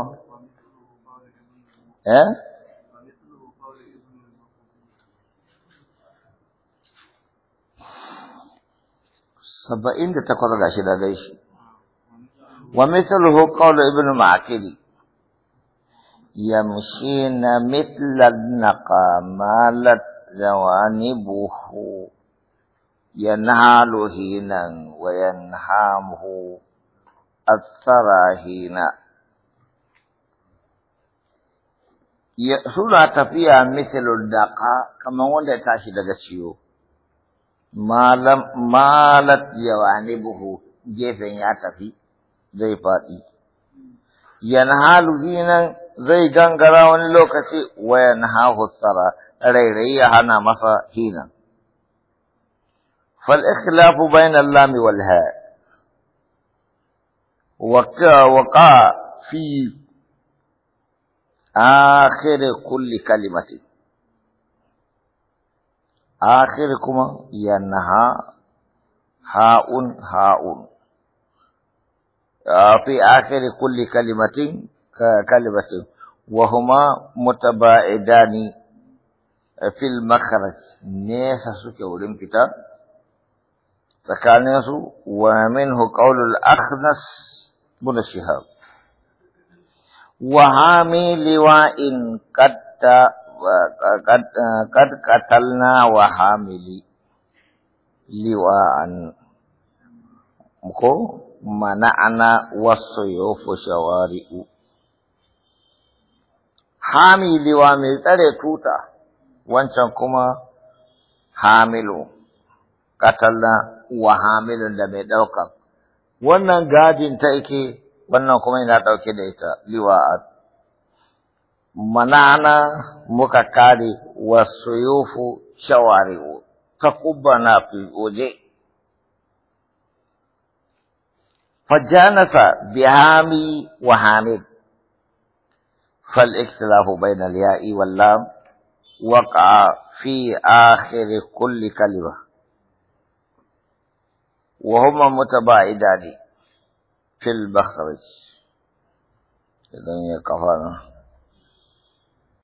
اه ها سبعين ده تقرر العشرة ليش ومثله قول ابن معكري يمشين مثل النقى مالت جوانبه ينهال هينا وينهامه الثرى هينا suna tafiya misalul daqa kamar wanda ya tashi daga ciwo. Malat yawani buhu gefen ya tafi zai fadi Yan halu nan zai gangara wani lokaci wayan hahu tsara rairayi ya hana masa hinan. Fal ikhlafu bainal lam wal ha. Waqa fi آخر كل كلمة آخركما ينها هاء هاء آه، في آخر كل كلمة كلمة وهما متباعدان في المخرج نيسا سكي ولم كتاب تكانيسو ومنه قول الأخنس من الشهاب وهامي in قد قد قد قتلنا liwa an ko mana'ana wasu yofu u hamiliwa mai tsare tuta, wancan kuma hamilu, katalna wa da mai ɗaukar. Wannan gadin ta yake wannan kuma yana ɗauke da ita a manana muka kare wasu yufu shawari'u ta na fi oje fajanasa bihami wa hamid fal ikhtilafu bainal ya'i wal lam fi akhir kulli kalima wa huma mutaba'idani في المخرج إذا يقفنا